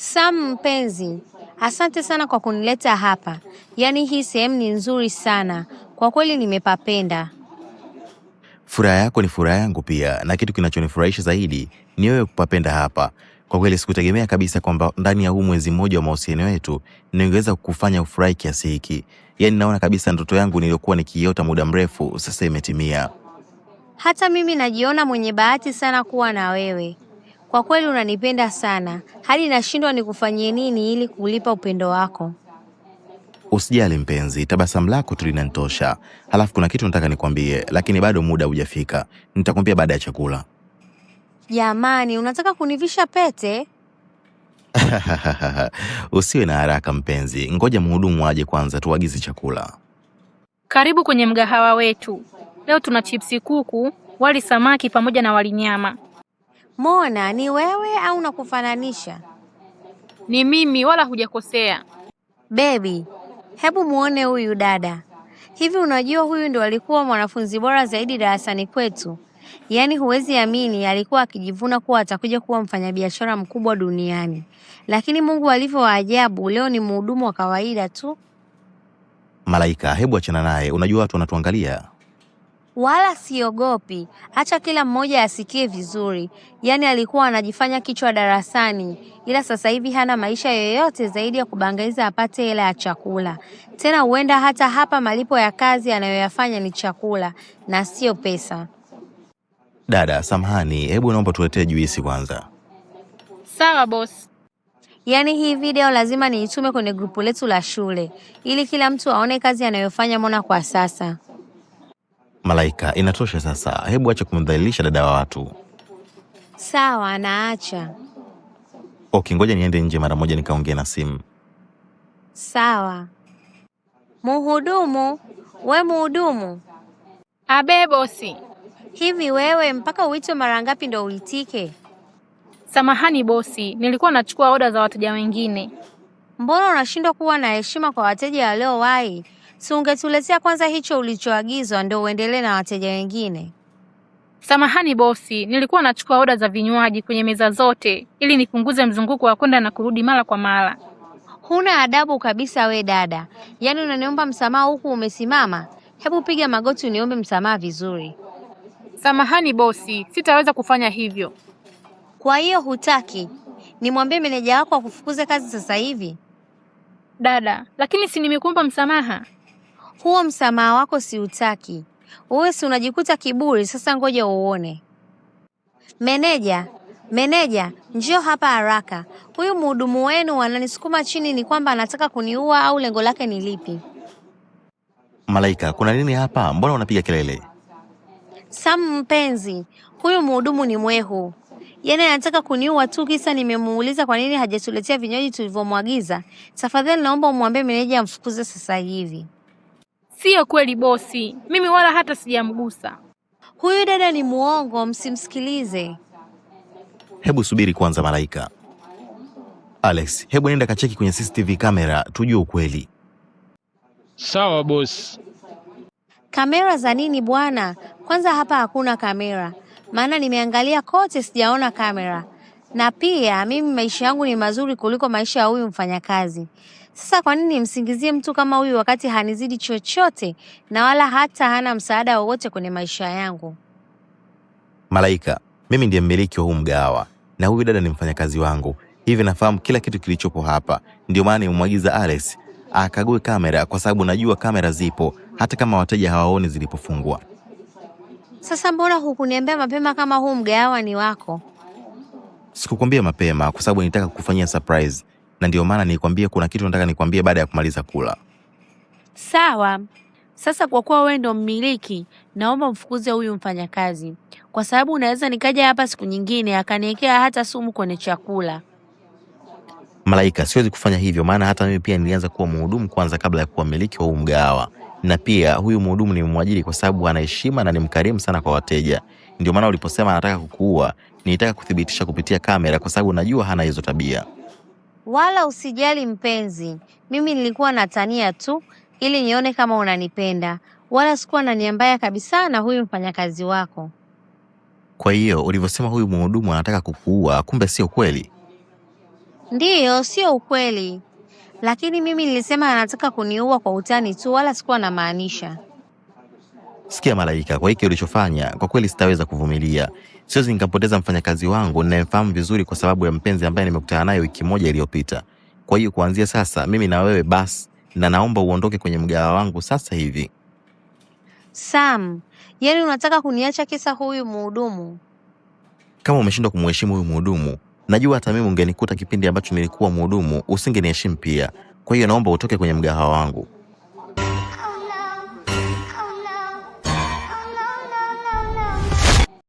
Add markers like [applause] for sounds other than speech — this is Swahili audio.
Sam mpenzi, asante sana kwa kunileta hapa. Yaani hii sehemu ni nzuri sana kwa kweli, nimepapenda. Furaha yako ni furaha yangu pia, na kitu kinachonifurahisha zaidi ni wewe kupapenda hapa. Kwa kweli sikutegemea kabisa kwamba ndani ya huu mwezi mmoja wa mahusiano yetu ningeweza kukufanya ufurahi kiasi hiki. Yaani naona kabisa ndoto yangu niliyokuwa nikiiota muda mrefu sasa imetimia. Hata mimi najiona mwenye bahati sana kuwa na wewe. Kwa kweli unanipenda sana hadi nashindwa nikufanyie nini ili kulipa upendo wako. Usijali mpenzi, tabasamu lako tu linanitosha. Halafu kuna kitu nataka nikwambie, lakini bado muda hujafika. Nitakwambia baada ya chakula. Jamani, unataka kunivisha pete? [laughs] Usiwe na haraka mpenzi, ngoja mhudumu aje kwanza tuagize chakula. Karibu kwenye mgahawa wetu. Leo tuna chipsi kuku, wali samaki pamoja na wali nyama. Mona, ni wewe au nakufananisha? Ni mimi, wala hujakosea. Bebi, hebu muone huyu dada. Hivi unajua huyu ndo alikuwa mwanafunzi bora zaidi darasani kwetu. Yaani huwezi amini, alikuwa akijivuna kuwa atakuja kuwa mfanyabiashara mkubwa duniani, lakini Mungu alivyo ajabu, leo ni mhudumu wa kawaida tu. Malaika, hebu achana naye, unajua watu wanatuangalia wala siogopi, acha kila mmoja asikie vizuri. Yaani alikuwa anajifanya kichwa darasani, ila sasa hivi hana maisha yoyote zaidi ya kubangaiza apate hela ya chakula. Tena huenda hata hapa malipo ya kazi anayoyafanya ni chakula na sio pesa. Dada samahani, hebu naomba tuletee juisi kwanza. Sawa boss. Yaani hii video lazima niitume kwenye grupu letu la shule ili kila mtu aone kazi anayofanya Mona kwa sasa. Malaika, inatosha sasa, hebu acha kumdhalilisha dada wa watu. Sawa, naacha. Okay, ngoja niende nje mara moja nikaongea na simu. Sawa. Muhudumu, we muhudumu. Abe bosi, hivi wewe mpaka uitwe mara ngapi ndo uitike? Samahani bosi, nilikuwa nachukua oda za wateja wengine. Mbona unashindwa kuwa na heshima kwa wateja waliowahi? si ungetuletea kwanza hicho ulichoagizwa ndio uendelee na wateja wengine? Samahani bosi, nilikuwa nachukua oda za vinywaji kwenye meza zote ili nipunguze mzunguko wa kwenda na kurudi mara kwa mara. Huna adabu kabisa we dada, yaani unaniomba msamaha huku umesimama? Hebu piga magoti uniombe msamaha vizuri. Samahani bosi, sitaweza kufanya hivyo. Kwa hiyo hutaki nimwambie meneja wako akufukuze kazi sasa hivi? Dada, lakini si nimekuomba msamaha huo msamaha wako siutaki. Wewe si unajikuta kiburi sasa, ngoja uone. Meneja, meneja, njoo hapa haraka, huyu mhudumu wenu ananisukuma chini. Ni kwamba anataka kuniua au lengo lake ni lipi? Malaika, kuna nini hapa? Mbona unapiga kelele? Sam mpenzi, huyu mhudumu ni mwehu, yaani anataka kuniua tu, kisa nimemuuliza kwa nini hajatuletea vinywaji tulivyomwagiza. Tafadhali naomba umwambie meneja amfukuze sasa hivi sio kweli bosi, mimi wala hata sijamgusa huyu dada. Ni muongo, msimsikilize. Hebu subiri kwanza, Malaika. Alex, hebu nenda kacheki kwenye CCTV kamera tujue ukweli. Sawa bosi. Kamera za nini bwana? Kwanza hapa hakuna kamera, maana nimeangalia kote sijaona kamera na pia mimi maisha yangu ni mazuri kuliko maisha ya huyu mfanyakazi. Sasa kwa nini nimsingizie mtu kama huyu wakati hanizidi chochote na wala hata hana msaada wowote kwenye maisha yangu? Malaika, mimi ndiye mmiliki wa huu mgahawa na huyu dada ni mfanyakazi wangu, hivi nafahamu kila kitu kilichopo hapa. Ndio maana nimemwagiza Alex akague kamera, kwa sababu najua kamera zipo hata kama wateja hawaoni zilipofungua. Sasa mbona hukuniambia mapema kama huu mgahawa ni wako? Sikukwambia mapema kwa sababu nilitaka kukufanyia surprise, na ndio maana nilikwambia kuna kitu nataka nikwambie baada ya kumaliza kula. Sawa. Sasa kwa kuwa wewe ndo mmiliki, naomba mfukuze huyu mfanyakazi, kwa sababu unaweza nikaja hapa siku nyingine akaniwekea hata sumu kwenye chakula. Malaika, siwezi kufanya hivyo, maana hata mimi pia nilianza kuwa mhudumu kwanza kabla ya kuwa mmiliki wa huu mgahawa na pia huyu mhudumu nimemwajiri kwa sababu anaheshima na ni mkarimu sana kwa wateja. Ndio maana uliposema anataka kukuua, nilitaka kuthibitisha kupitia kamera, kwa sababu najua hana hizo tabia. Wala usijali mpenzi, mimi nilikuwa natania tu ili nione kama unanipenda, wala sikuwa na nia mbaya kabisa na huyu mfanyakazi wako. Kwa hiyo ulivyosema huyu mhudumu anataka kukuua, kumbe sio kweli? Ndiyo, sio ukweli lakini mimi nilisema anataka kuniua kwa utani tu, wala sikuwa maanisha Sikia Malaika, kwa hiki ulichofanya kwa kweli sitaweza kuvumilia. Siwezi nikapoteza mfanyakazi wangu ninayemfahamu vizuri kwa sababu ya mpenzi ambaye nimekutana naye wiki moja iliyopita. Kwa hiyo kuanzia sasa mimi na wewe basi, na naomba uondoke kwenye mgawa wangu sasa hivi. Sam, yani unataka kuniacha kisa huyu mhudumu? Kama umeshindwa kumheshimu huyu mhudumu, Najua hata mimi ungenikuta kipindi ambacho nilikuwa mhudumu usingeniheshimu pia. Kwa hiyo naomba utoke kwenye mgahawa wangu.